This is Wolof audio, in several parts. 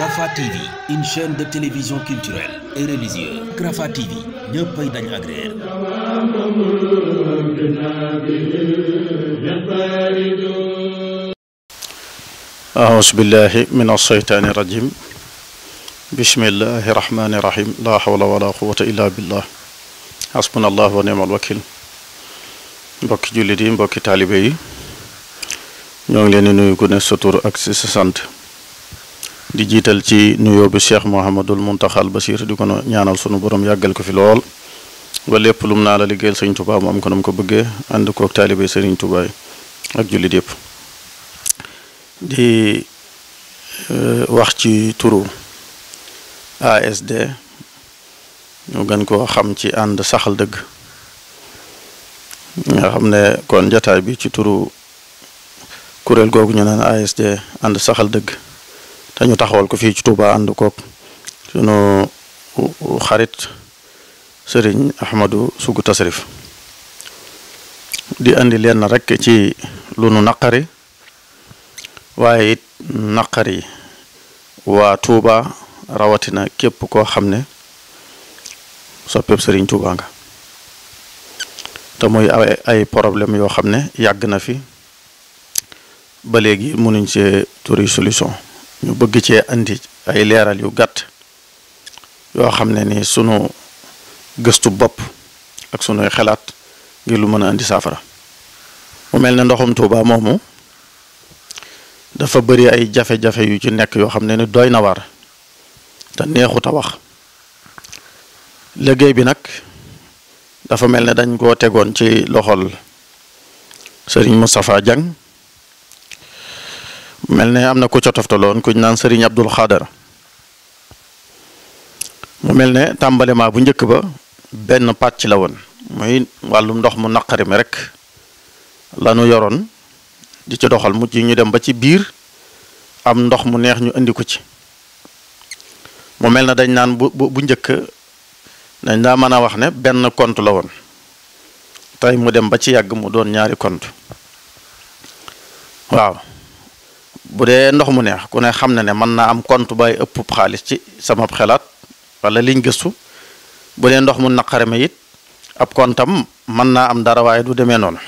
Rafah TV une chaîne de télévision culturelle et religieuse Rafah TV ñëppay dañ agréer aouzu billahi min alsheytaani irajim bismillahi rahmani rahim la hawla wala quwata illa billah hasbuna allah wa ni'mal wakil mbokki jullit yi mbokki taalibe yi ñoo ngi leen di nuyu ku ne sa tur ak si sa sant di jiital ci nuyoo bi Cheikh Mouhamadul Muntaxa al Basiir di ko ñaanal sunu borom yàggal ko fi lool ba lépp lum naa la liggéeyal sëriñ Tuubaa mu am ko nam ko bëggee ànd koog taalibe sëriñ Tuubaa ak jullit yëpp di eh, wax ci turu ASD ñu gën koo xam ci ànd saxal dëgg nga xam ne kon jataay bi ci turu kuréel googu ñu naan ASD ànd saxal dëgg dañu taxawal ko fii ci Touba ànd koog sunu xarit sëriñ Ahmadou Sougou Tasrif di indi leen rek ci lu nu naqari waaye it naqari waa Touba rawatina képp koo xam ne soppeeb sëriñ Touba nga te muy ay ay problème yoo xam ne yàgg na fi ba léegi mënuñ se turi solution ñu bëgg cee andi ay leeral yu gàtt yoo xam ne ni sunu gëstu bopp ak sunuy xalaat ngir lu mën a andi saafara mu mel ne ndoxum Tuuba moomu dafa bari ay jafe-jafe yu ci nekk yoo xam ne ni doy na waar te neexut a wax liggéey bi nag dafa mel ne dañ koo tegoon ci loxol sëriñ Moustapha Dieng mel ne am na ku ca toftaloon kuñ naan sëriñ Abdul Xaadar mu mel ne tàmbalema bu njëkk ba benn pàcc la woon muy wàllum ndox mu naqari mi rek lanu yoroon di ci doxal mujj ñu dem ba ci biir am ndox mu neex ñu indi ko ci mu mel ne dañ naan bu bu njëkk dañ daa mën a wax ne benn compte la woon tey mu dem ba ci yàgg mu doon ñaari kont waaw bu dee ndox mu neex ku ne xam na ne mën naa am compte bay ëpp xaalis ci sama xelaat wala liñ gëstu bu dee ndox mu naqare ma it ab kontam mën naa am dara waaye du demee noonu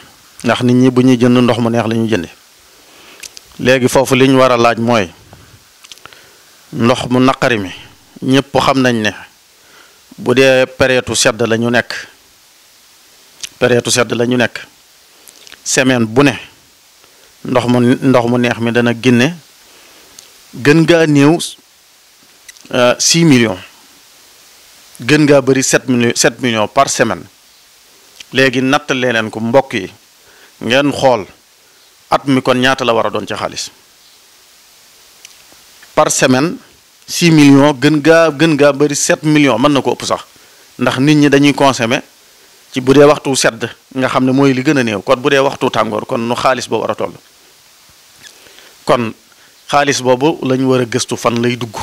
ndax nit ñi bu ñuy jënd ndox mu neex la ñuy jënde léegi foofu li ñu war a laaj mooy ndox mu naqari mi ñëpp xam nañ ne bu dee période sedd la ñu nekk période sedd la ñu nekk semaine bu ne ndox mu mu neex mi dana génne gën gaa néew 6 euh, million gën gaa bëri 7 millions 7 millions par semaine léegi nattalee leen ko mbokk yi ngeen xool at mi kon ñaata la war a doon ci xaalis par semaine 6 millions gën gaa gën gaa bëri 7 million mën na ko ëpp sax ndax nit ñi dañuy consommer ci bu dee waxtu sedd nga xam ne mooy li gën a néew kon bu dee waxtu tàngoor kon nu xaalis boobu war a kon xaalis boobu lañu war a gëstu fan lay dugg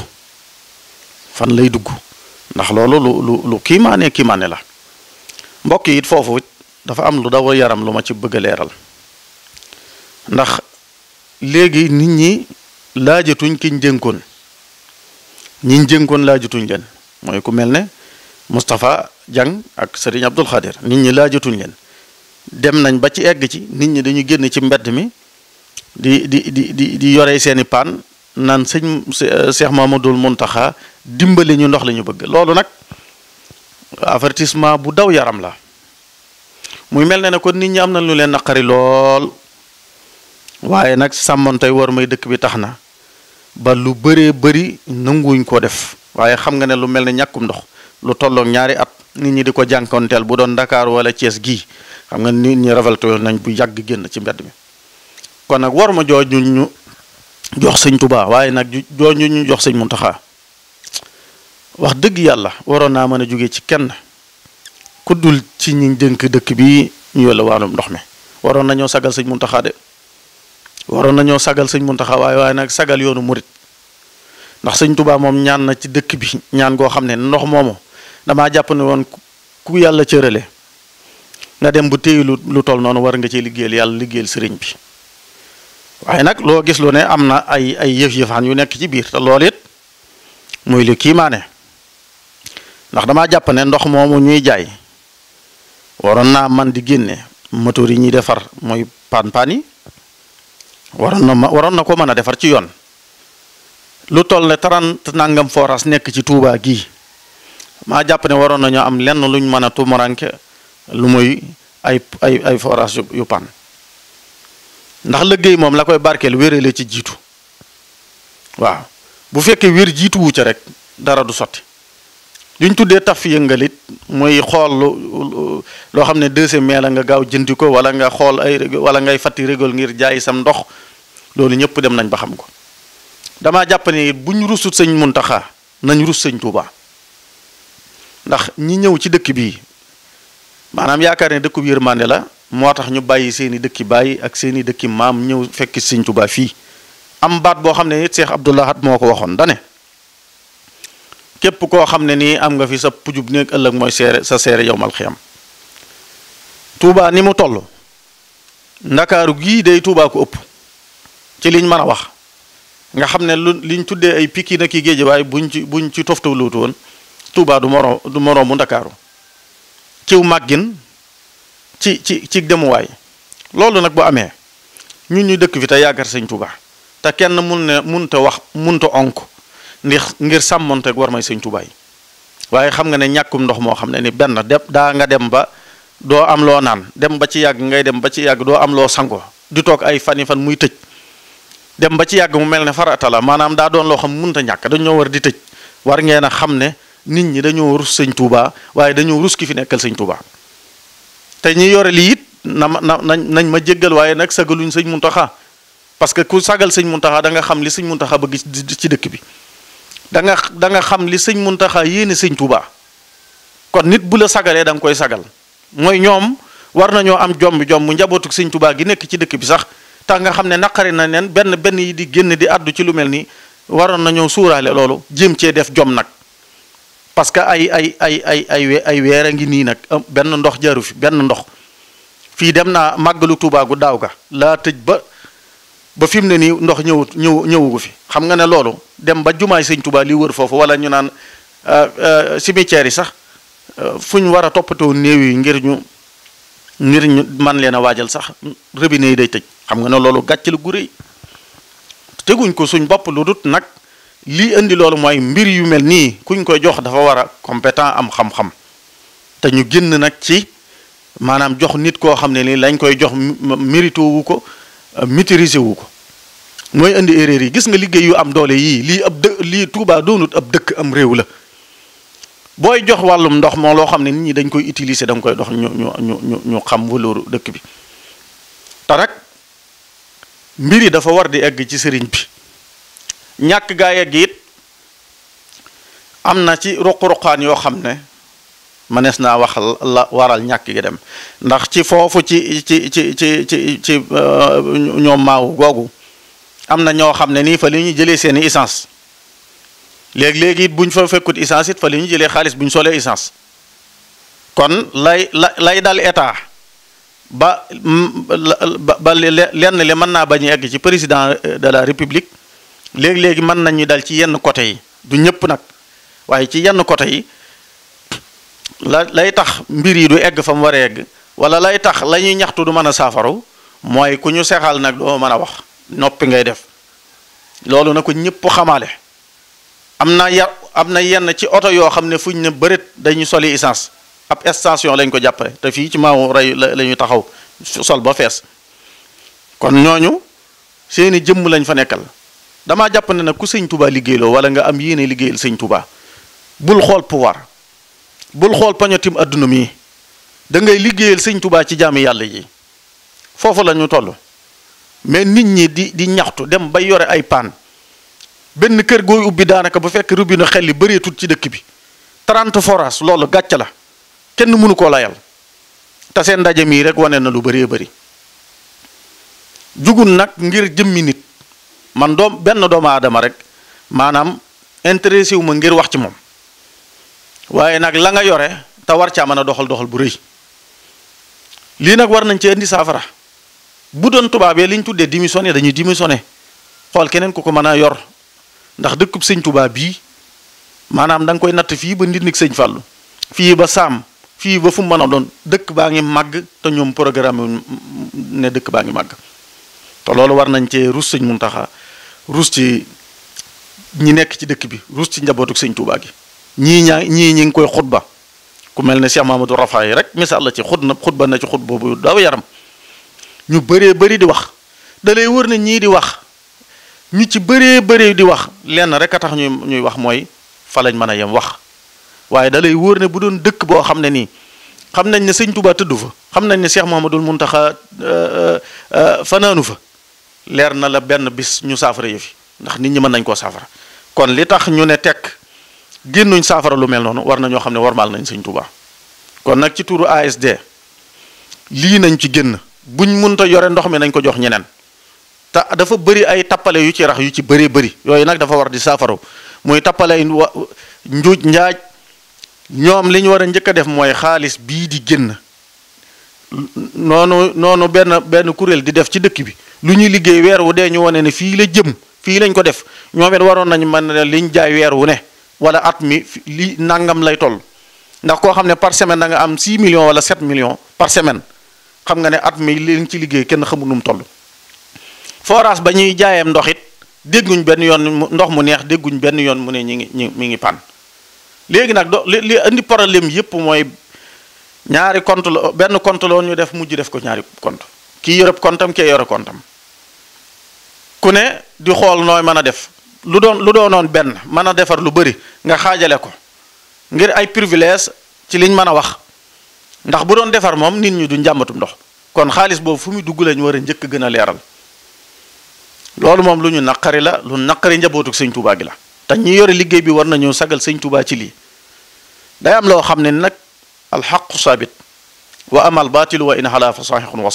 fan lay dugg ndax loolu lu lu lu kiimaane kiimaane la mbokk yi it foofu dafa am lu daw yaram lu ma ci bëgg a leeral ndax léegi nit ñi laajatuñ kiñ jënkoon ñiñ jënkoon laajatuñ leen mooy ku mel ne Moustapha jang ak sëriñ Abdul Xadir nit ñi laajatuñ leen dem nañ ba ci egg ci nit ñi dañu génn ci mbedd mi di di di di di yore seeni paan naan sëñ euh, Cheikh Mamadul Muntaxa dimbali ñu ndox lañu bëgg loolu nag avertissement bu daw yaram la muy mel na ne kon nit ñi am na lu leen naqari lool waaye nag sàmmoon tey war may dëkk bi tax na ba lu bëree bëri nanguwuñ koo def waaye xam nga ne lu mel ne ñàkkum ndox lu tolloog ñaari at nit ñi di ko jànkonteel bu doon Dakar wala Thiès gii xam nga nit ñi révolté woon nañ bu yàgg génn ci mbedd mi kon nag war ma jooju ñu jox sëñ tubaa waaye nag jooju ñu jox sëñ Muntaxaa wax dëgg yàlla waroon naa mën a jóge ci kenn ku ci ñi dënk dëkk bi ñu walla ndox mi waroon nañoo sagal sëñ Muntaxaa waroon nañoo sagal sëñ Muntaxaa waaye waaye nag sagal yoonu murit ndax sëñ Tuubaa moom ñaan na ci dëkk bi ñaan goo xam ne ndox moomu damaa jàpp ne woon ku yàlla cërale nga dem bu téye lu lu toll noonu war nga ci liggéeyal yàlla liggéeyal sëriñ bi waaye nag loo gis lu ne am na ay ay yëf yu nekk ci biir te loolu it muy li kiimaane ndax damaa jàpp ne ndox moomu ñuy jaay waroon naa man di génne moteur yi ñuy defar mooy paan paan yi waroon na ma waroon na ko mën a defar ci yoon lu toll ne tarant nangam foras nekk ci Tuubaa gii ma jàpp ne waroon nañoo am lenn luñ mën a tumuranke lu muy ay ay ay forage yu pan ndax liggéey moom la koy barkeel wérale ci jiitu waaw bu fekkee wér jiituwu ca rek dara du sotti luñ tuddee taf yëngalit muy xool lu loo xam ne deuxième mai la nga gaaw jëndi ko wala nga xool ay wala ngay fatti régol ngir jaay sam ndox loolu ñëpp dem nañ ba xam ko dama jàpp ne buñ rusut sëñ Muntaxa nañ rus sëñ Tuubaa ndax ñi ñëw ci dëkk bii maanaam yaakaar ne dëkku yërmande la moo tax ñu bàyyi seen i dëkki bàyyi ak seeni i dëkki maam ñëw fekk Sëñ Tuubaa fii am baat boo xam ne nit Seex Abdul Ahad moo ko waxoon dane képp koo xam ne nii am nga fi sa pujub néeg ëllëg mooy seere sa seere yowmal xiyam Tuubaa ni mu toll ndakaaru gii day Tuubaa ko ëpp ci liñ mën a wax nga xam ne lu liñ tuddee ay Pikine ak i Géejawaay buñ ci buñ ci toftawluutu woon tubaa du moroom du moroomu Ndakaaru ciw màggin ci ci ci demuwaay loolu nag bu amee ñun ñuy dëkk fi te yaakaar sañ Touba te kenn mun ne munta wax munta onk ndax ngir sàmmonteeg war may sëñ Touba waaye xam nga ne ñàkkum ndox moo xam ne ni benn dem daa nga dem ba doo am loo naan dem ba ci yàgg ngay dem ba ci yàgg doo am loo sango di toog ay fan fani fan muy tëj dem ba ci yàgg mu mel ne farata maanaam daa doon loo xam munta ñàkk dañ ñoo war di tëj war ngeen a xam ne nit ñi dañoo rus sëñ Touba waaye dañoo rus ki fi nekkal sëñ Touba te ñi yore lii it na ma na nañ ma jéggal waaye nag sagaluñ sëñ Muntaxa parce que ku sagal sëñ Muntaxa da nga xam li sëñ Muntaxa bëgg ci dëkk bi da nga da xam li sëñ Muntaxa yéene sëñ Touba kon nit bu la sagalee da nga koy sagal mooy ñoom war nañoo am jomb jomb njabootu sëñ Touba gi nekk ci dëkk bi sax tax nga xam ne naqari na leen benn benn yi di génn di àddu ci lu mel ni waroon nañoo suuraale loolu jéem cee def jom nag. parce que ay ay ay ay ay ay weer a ngi nii nag benn ndox jaru fi benn ndox fii dem naa màggalu Tuubaa gu daaw ga laa tëj ba ba fi mu ne nii ndox ñëwut ñëw ñëwugu fi xam nga ne loolu dem ba jumaay sëñ Tuubaa li wër foofu wala ñu naan euh, euh, cimetière yi sax euh, fu ñu war a toppatoo néew yi ngir ñu ngir ñu man leen a waajal sax robinet yi day tëj xam nga ne loolu gàcc la gu rëy teguñ ko suñ bopp lu dut nag lii indi loolu mooy mbir yu mel nii kuñ koy jox dafa war a compétent am xam-xam te ñu génn nag ci maanaam jox nit koo xam ne nii lañ koy jox mérito wu ko euh, maîtriser wu ko mooy indi erreur yi gis nga liggéey yu am doole yii lii ab dë lii tuubaa doonut ab dëkk am réew la booy jox wàllum ndox moo loo xam ne nit ñi dañ koy utiliser da koy dox ñu ñu ñu ñu xam valeur dëkk bi tarak mbir yi dafa war di egg ci sëriñ bi. ñàkk gaa yegg it am na ci ruq-ruqaan yoo xam ne mënees naa wax la waral ñàkk gi dem ndax ci foofu ci ci ci ci ci ci euh, ñoom maaw googu am na ñoo xam ne nii fa li ñu jëlee seen i essence léegi-léegi it buñ fa fekkut essence it fa li ñu jëlee xaalis buñ solee essence kon lay la lay dal état ba mm, ba lenn li mën naa bañ a egg ci président de la république léegi-léegi mën nañu dal ci yenn côté yi du ñëpp nag waaye ci yenn côté yi la lay tax mbir yi du egg fa mu war a egg wala lay tax la ñuy ñaxtu du mën a saafaru mooy ku ñu seexal nag doo mën a wax noppi ngay def loolu na ko ñëpp xamaale am na ya am na yenn ci oto yoo xam ne fuñ ne bërit dañu soli essence ab station lañ ko jàppale te fii ci maaw rey la ñu taxaw sol ba fees kon ñooñu seeni jëmm lañ fa nekkal damaa jàpp ne nag ku sëñ tubaa liggéeyloo wala nga am yéene liggéeyal sëñ tubaa bul xool pouvoir bul xool pañotim adduna mi da ngay liggéeyal sëñ tubaa ci jaami yàlla yi foofu la ñu toll mais nit ñi di di ñaxtu dem ba yore ay paan benn kër gooy ubbi daanaka bu fekk robinet xel li bëree ci dëkk bi 30 forage loolu gàcce la kenn mënu koo layal te ndaje mii rek wane na lu bëree bari jugul nag ngir jëmmi nit man doom benn doomu aadama rek maanaam intéressé wu ma ngir wax ci moom waaye nag la nga yore te war caa mën a doxal doxal bu rëy lii nag war nañ ci indi saafara bu doon tubaabee li ñu tuddee démissionné dañuy démissionné xool keneen ku ko mën a yor ndax dëkku sëñ tubaab bii maanaam da koy natt fii ba nit nag sëñ fàllu fii ba saam fii ba fu mu mën a doon dëkk baa ngi màgg te ñoom programme ne dëkk baa ngi màgg te loolu war nañ cee rus sëñ Muntaxa ruus ci ñi nekk ci dëkk bi ruus ci njabootuk sëñ Tuubaa gi ñii ñaa ñii ñi ngi koy xutba ku mel ne Cheikh Mamadou Rafa yi rek misaal la ci xut na xutba na ci xut boobu daaw yaram ñu bëree bari di wax dalay wër na ñii di wax ñu ci bëree bëree di wax lenn rek a tax ñuy ñuy wax mooy fa lañ mën a yem wax waaye dalay lay wër ne bu doon dëkk boo xam ne nii xam nañ ne sëñ Tuubaa tëddu fa xam nañ ne Cheikh Mouhamadoul Mountakha euh, euh, euh, fanaanu fa leer na la benn bis ñu saafara yëfi ndax nit ñi mën nañ koo saafara kon li tax ñu ne tekk génnuñ saafara lu mel noonu war na ñoo xam ne warmaal nañ sëñ Tuubaa kon nag ci tuuru ASD lii nañ ci génn buñ munta yore ndox mi nañ ko jox ñeneen te dafa bari ay tappale yu ci rax yu ci bëree bari yooyu nag dafa war di saafaru muy tappale wa njuuj njaaj ñoom li ñu war a njëkk a def mooy xaalis bii di génn noonu noonu benn benn kuréel di def ci dëkk bi lu ñuy liggéey weer wu dee ñu wane ne fii la jëm fii lañ ko def ñoom waroon nañ mën ne liñ jaay weer wu ne wala at mi li nangam lay toll ndax koo xam ne par semaine da nga am 6 million wala 7 millions par semaine xam nga ne at mi liñ ci liggéey kenn xamul nu mu toll forage ba ñuy jaayeem ndox it dégguñ benn yoon ndox mu neex dégguñ benn yoon mu ne ñi ngi ñi mi ngi pan léegi nag do li indi problème yépp mooy ñaari compte la benn conte la woon def mujj def ko ñaari compte kii yore kontam kee yore kontam ku ne di xool nooy mën a def lu doon lu doonoon benn mën a defar lu bari nga xaajale ko ngir ay privilège ci liñ mën a wax ndax bu doon defar moom nit ñi du njàmbatu ndox kon xaalis boobu fu muy dugg lañu war a njëkk gën a leeral loolu moom lu ñu naqari la lu naqari njabootuk sëñ Tuubaa gi la te ñi yore liggéey bi war nañoo sagal sëñ Tuubaa ci lii day am loo xam ne nag alxaqu saabit wa amal baatilu wa in xalaa fa saahixun wa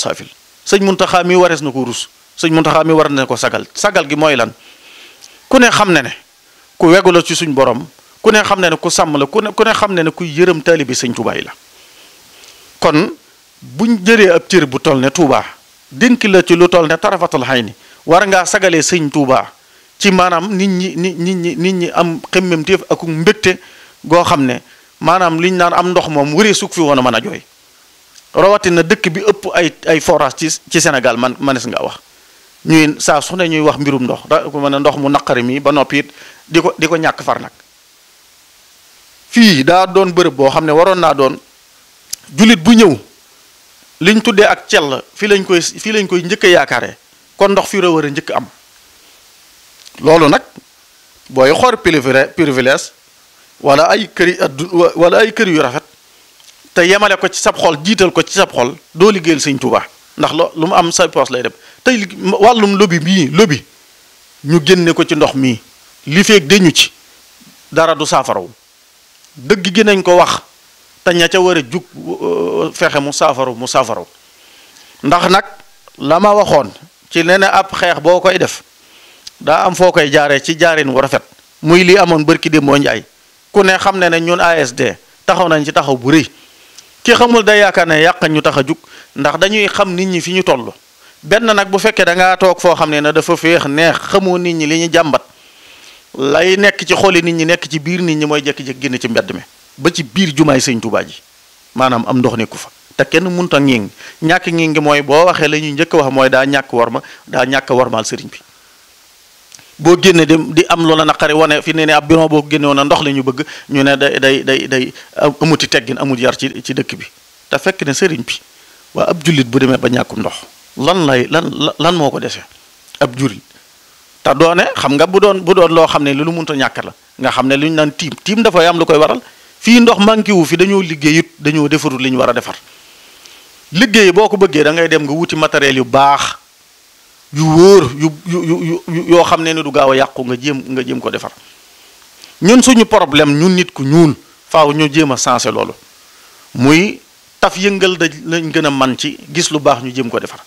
sëñ Muntaxa mi warees na ko rus sëñ Muntaxa mi war na ko sagal sagal gi mooy lan ku ne xam ne ne ku wegu la ci suñ borom ku ne xam ne ne ku sàmm la ku ne ku ne xam ne ne ku yërëm taalibi sëñ Tuubaa la kon buñ jëree ab cër bu toll ne Tuubaa dénk la ci lu toll ne tarafatul xay ni war ngaa sagalee sëñ Tuubaa ci maanaam nit ñi nit ñi nit ñi am xemmemteef ak mbégte goo xam ne maanaam liñ naan am ndox moom wëree suk fi woon a mën a jooy rawatina dëkk bi ëpp ay ay forage ci senegal man manes nga wax ñuy saa su ñuy wax mbirum ndox da ko mën a ndox mu naqari mii ba noppiit di ko di ko ñàkk far nag fii daa doon bërëb boo xam ne waroon naa doon jullit bu ñëw liñ tuddee ak cell fi lañ koy fii lañ koy njëkk yaakaare yaakaaree kon ndox fi la war a njëkk am loolu nag booy xool privilège wala ay kër yi ay kër yu rafet te yemale ko ci sab xol jiital ko ci sab xol doo liggéeyal sëñ Tuubaa ndax lo lu mu am sa lay dem tey wàllum lobi bii lobi ñu génne ko ci ndox mii li feeg dañu ci dara du saafarawu dëgg gi nañ ko wax te ña ca war a jug euh, fexe mu saafaraw mu saafaraw ndax nag la ma waxoon ci nee na ab xeex boo koy def daa am foo koy jaaree ci jaarin wu rafet muy li amoon bërki démboo njaay ku ne xam ne ne ñun ASD taxaw nañ ci taxaw bu rëy ki xamul day yaakaar ne yàq ñu tax a jug ndax dañuy xam nit ñi fi ñu toll benn nag bu fekkee da ngaa toog foo xam ne ne dafa féex neex xamoo nit ñi li ñu jàmbat lay nekk ci xooli nit ñi nekk ci biir nit ñi mooy jékki-jékki génn ci mbedd mi ba ci biir jumaay sëñ Tuubaa ji maanaam am ndox nekku fa te kenn mënut a ñàkk ñàkk ngi mooy boo waxee la ñuy njëkk wax mooy daa ñàkk war ma daa ñàkk warmaal sëriñ bi boo génne dem di am loola naqari wane fi ne ne ab bureau boo génne woon ndox la ñu bëgg ñu ne day day day day amuti teggin amul yar ci ci dëkk bi te fekk ne sëriñ bi waa ab jullit bu demee ba ñàkkum ndox lan lay lan lan moo ko dese ab jullit te doone xam nga bu doon bu doon loo xam ne lu munta ñàkk la nga xam ne lu ñu naan tiim tiim dafay am lu koy waral fii ndox manqué wu fi dañoo liggéeyut dañoo defarul li ñu war a defar liggéey boo ko bëggee da ngay dem nga wuti matériel yu baax yu wóor yu yu yu yoo xam ne ni du gaaw a yàqu nga jéem nga jëm ko defar ñun suñu problème ñu nit ku ñuul faaw ñu jéem a sensé loolu muy taf yëngal da lañ gën a man ci gis lu baax ñu jëm ko defar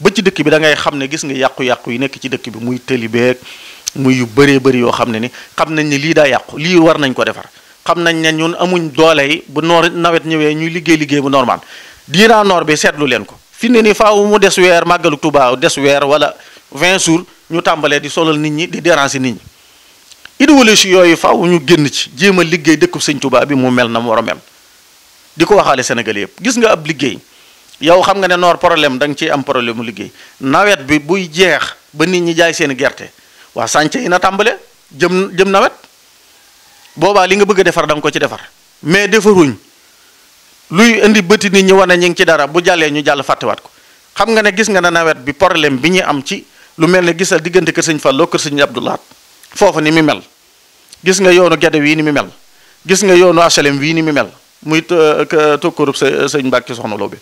ba ci dëkk bi da ngay xam ne gis nga yàqu-yàqu yi nekk ci dëkk bi muy tëli beeg muy yu bëree bëri yoo xam ne ni xam nañ ne lii daa yàqu lii war nañ ko defar xam nañ ne ñun amuñ doole yi bu noor nawet ñëwee ñuy liggéey liggéey bu normal diiraa noor bi seetlu leen ko fi ne nii faaw mu des weer màggalu Tuubaa des weer wala 20 jours ñu tàmbalee di solal nit ñi di déranger nit ñi idéologie yooyu faw ñu génn ci jéem a liggéey dëkku sëñ Tuubaa bi mu mel na mu war a di ko waxaale senegal yëpp gis nga ab liggéey yow xam nga ne noor problème da nga ciy am problème mu liggéey nawet bi buy jeex ba nit ñi jaay seen gerte waa sànce yi na tàmbale jëm jëm nawet boobaa li nga bëgg defar danga ko ci defar mais defaruñ luy indi bëti nit ñi wane ñu ngi ci dara bu jàllee ñu jàll fàttewaat ko xam nga ne gis nga ne nawet bi problème bi ñu am ci lu mel ne gisal diggante kër sëñ Fallou kër sëñ Abdou Lahad foofu ni mu mel gis nga yoonu Gede wii ni mu mel gis nga yoonu HLM wii ni mu mel muy tokkorub euh, sa sëñ Mbàkke soxna Lo bi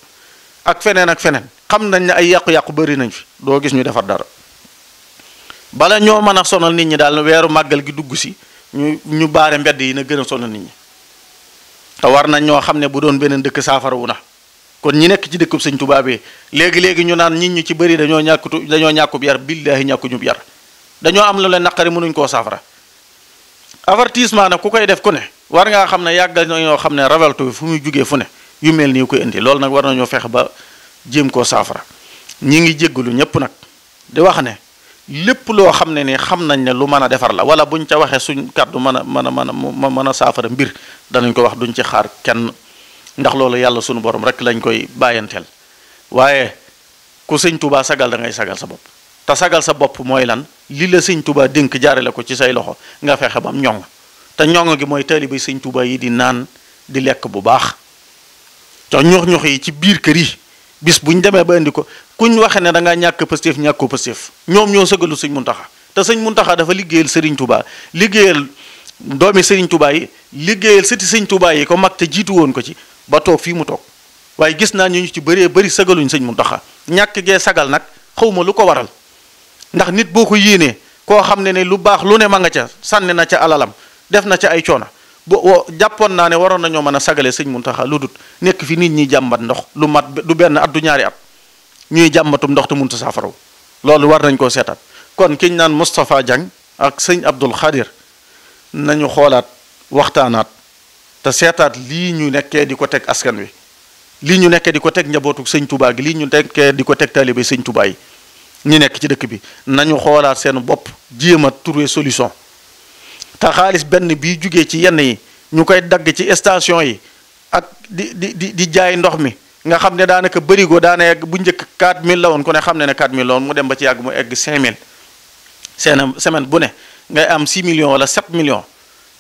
ak feneen ak feneen xam nañ ne ay yàqu-yàqu bari nañ fi doo gis ñu defar dara bala ñoo mën a sonal nit ñi daal weeru màggal gi dugg si ñu ñu baare mbedd yi na gën a sonal nit te war nañ ñoo xam ne bu doon beneen dëkk saafarawu na kon ñi nekk ci dëkkub sëñ Tuubaa bi léegi léegi ñu naan nit ñu ci bëri dañoo ñàkkutu dañoo ñàkkub yar billaahi ñàkkuñub yar dañoo am lu leen naqari mënuñ koo saafara avertissement nag ku koy def ku ne war ngaa xam ne yàggal nañoo xam ne raveltu fu muy jugee fu ne yu mel nii koy indi loolu nag war nañoo fexe ba jéem koo saafara ñi ngi jéggalu ñëpp nag di wax ne lépp loo xam ne ni xam nañ ne lu mën a defar la wala buñ ca waxee suñ kàddu mën a mën a mën a mën a saafara mbir danañ ko wax duñ ci xaar kenn ndax loolu yàlla suñu borom rek lañ koy bàyyanteel waaye ku sëñ tubaa sagal da ngay sagal sa bopp te sagal sa bopp mooy lan li la sëñ tubaa dénk jaarale ko ci say loxo nga fexe bam ñoŋ te ñoŋ gi mooy taalibe sëñ tubaa yi di naan di lekk bu baax te ñox ñox yi ci biir kër yi bis bu ñu demee ba indi ko kuñ waxe ne da ngaa ñàkk Pastef ñàkkoo Pastef ñoom ñoo sëgalu sëñ mun taxa te sëñ Muntaxa dafa liggéeyal Serigne Touba liggéeyal doomi Serigne Touba yi liggéeyal sëti sëñ tubaay yi ko mag te jiitu woon ko ci ba toog fii mu toog waaye gis naa ñu ñu ci bëree bëri sagaluñ sëñ Muntaxa ñàkk gee sagal nag xawma lu ko waral ndax nit boo ko yéenee koo xam ne ne lu baax lu ne ma nga ca sànni na ca alalam def na ca ay coona bo jàppoon naa ne waroon nañoo mën a sagale sëñ Muntaxa lu dut nekk fi nit ñi jàmbat ndox lu mat lu benn at ñaari at ñuy jàmbatum ndox te munta saafaraw loolu war nañ koo seetaat kon kiñ naan Moustapha Diagne ak sëñ Abdul Xadir nañu xoolaat waxtaanaat te seetaat lii ñu nekkee di ko teg askan wi lii ñu nekkee di ko teg njabootu sëñ Touba gi lii ñu nekkee di ko teg taalibe sëñ Touba yi ñu nekk ci dëkk bi nañu xoolaat seen bopp jéem a trouver solution te xaalis benn bii jugee ci yenn yi ñu koy dagg ci station yi ak di di di jaay ndox mi nga xam ne daanaka bërigo daana yegg bu njëkk mille la woon ko ne xam ne ne 4000 la woon mu dem ba ci yàgg mu egg 5000 seen semaine bu ne ngay am 6 million wala 7 million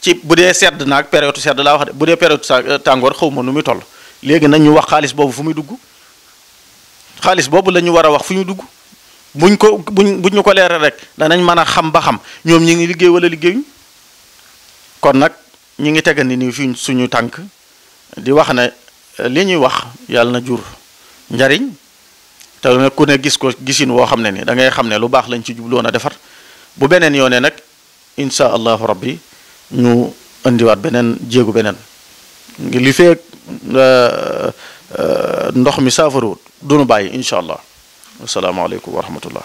ci bu dee sedd naag période sedd laa wax de bu dee période euh, tàngoor xaw ma nu muy toll léegi nañ ñu wax xaalis boobu fu muy dugg xaalis boobu la ñu war a wax fu ñu dugg buñ ko buñ buñ ñu ko leeral rek danañ mën a xam ba xam ñoom ñi ngi liggéey wala liggéeyuñ kon nag ñu ngi tegandi ni fi suñu tànk di wax ne eh, li ñuy wax yàlla na jur njariñ te nag ku ne gis ko gisin woo xam ne ni dangay xam ne lu baax lañ ci jubloon a defar bu beneen yoonee nag incha allahu rabbi ñu indiwaat beneen jéegu beneen li fee eh, eh, ndox mi saafaruwut du bàyyi incha allah asalaamaaleykum wa rahmatullah